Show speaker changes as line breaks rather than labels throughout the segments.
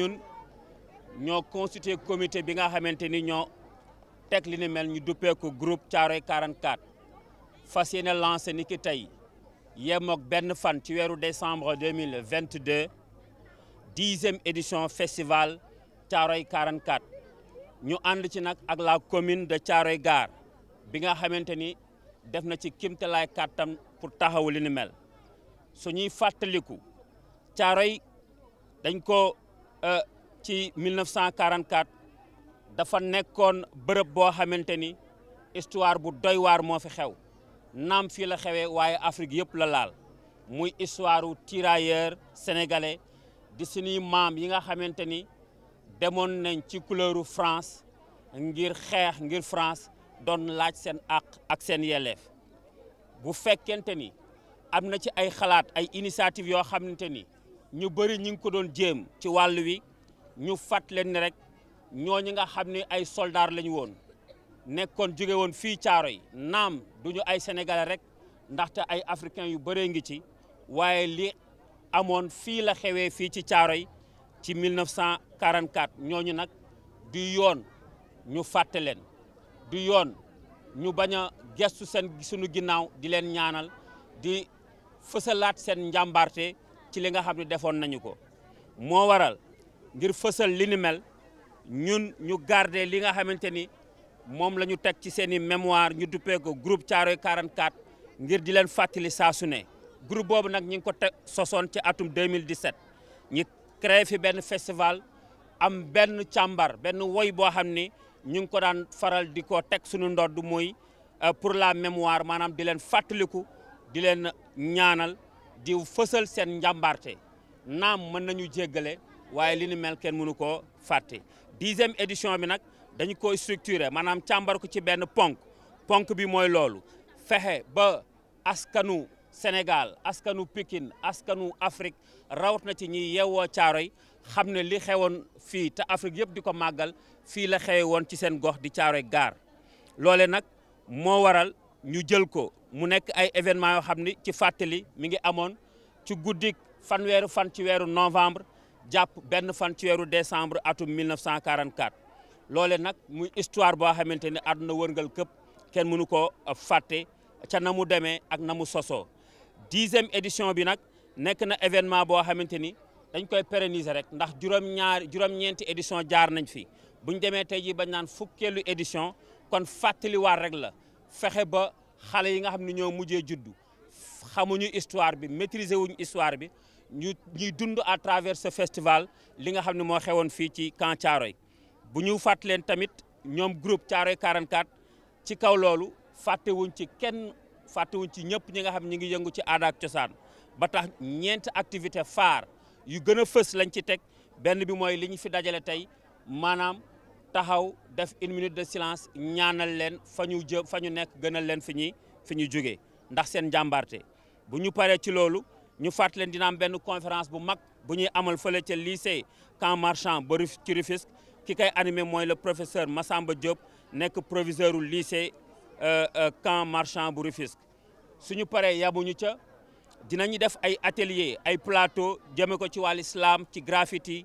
ñun ñoo constitué comité bi nga xamante ni ñoo teg li ni mel ñu duppee group groupe Thiaroye 44 fas yéene lancé ni ki tey yemook benn fan ci weeru décembre 2022 dixième édition festival Thiaroye 44 ñu ànd ci nag ak la commune de Thiaroye Gare bi nga xamante ni def na ci kimtalaay kàttam pour taxawu li ni mel suñuy fàttaliku Thiaroye dañ ko Euh, ci 1944 dafa nekkoon bërëb boo xamante ni histoire bu doy waar moo fi xew naam fii la xewee waaye Afrique yëpp la laal muy histoire u tirailleur sénégalais di suñuy maam yi nga xamante ni demoon nañ ci couleuru France ngir xeex ngir France doon laaj seen àq ak seen yelleef bu fekkente ni am na ci ay xalaat ay initiative yoo xamante ni ñu bëri ñi ngi ko doon jéem ci wàll wi ñu fàtt leen ni rek ñooñu nga xam ne ay soldaar lañu woon nekkoon jóge woon fii yi naam duñu ay sénégalais rek ndaxte ay africain yu bëree ngi ci waaye li amoon fii la xewee fii ci caaro yi ci 1944 ñooñu nag du yoon ñu fàtte leen du yoon ñu bañ a gestu seen sunu ginnaaw di leen ñaanal di fësalaat seen njàmbaarte ci li nga xam ne defoon nañu ko moo waral ngir fësal li mel ñun ñu garde li nga xamante ni moom la ñu teg ci seen i mémoire ñu duppee ko groupe Thiaroye 44 ngir di leen fàttali saa su ne groupe boobu nag ñu ngi ko teg sosoon ci atum 2017 ñi créé fi benn festival am benn càmbar benn woy boo xam ni ñu ngi ko daan faral di ko teg suñu ndodd muy euh, pour la mémoire maanaam di leen fàttaliku di leen ñaanal di fësal seen njàmbaarte naam mën nañu jéggale waaye li ni mel kenn mënu koo fàtte dixième édition bi nag dañu koy structuré maanaam càmbar ko ci benn ponk ponk bi mooy loolu fexe ba askanu Sénégal askanu Pikine askanu Afrique rawat na ci ñiy yeewoo Caaroy xam ne li xewoon fii te Afrique yëpp di ko màggal fii la xewe woon ci seen gox di Caaroy gaar loole nag moo waral ñu jël ko mu événement ay événements yoo xam ci fateli mi ngi amone ci guddik fanweeru fan ci weeru novembre japp benn fan ci weeru décembre atum 1944 lolé nak muy histoire bo xamanteni aduna àdduna wërngal këpp kenn mënu ko faté ca namu démé ak namu soso 10 dixième édition bi nak nek na événement bo xamanteni dañ koy pérenniser rek ndax juroom ñaar juroom ñeenti édition jaar nañ fi buñ démé tay ji bañ naan fukkeelu édition kon fàttaliwaat rek la fexé ba. xale yi nga xam ne ñoo mujjee juddu xamuñu histoire bi maîtriser wuñu histoire bi ñu ñuy dund à travers ce festival li nga xam ne moo xewoon fii ci camp Thiaroye bu ñu fàtt leen tamit ñoom groupe Thiaroye 44 ci kaw loolu fàttewuñ ci kenn fàttewuñ ci ñëpp ñi nga xam ñi ngi yëngu ci aada ak cosaan ba tax ñeent activité phare yu gën a fës lañ ci teg benn bi mooy li ñu fi dajale tey maanaam taxaw def une minute de silence ñaanal leen fañu gënal leen fiñi ndax conférence bu mag buñuy Camp Marchand animé le professeur Massamba Diop le proviseur du lycée euh, euh, Camp Marchand bu Rufisque suñu paré yabuñu avons dinañu def ay atelier ay plateau jëmé ko ci wal islam ci graffiti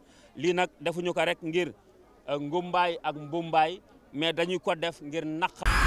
lii nag defuñu ko rek ngir eh, ngumbaay ak mbumbaay mais dañuy ko def ngir naq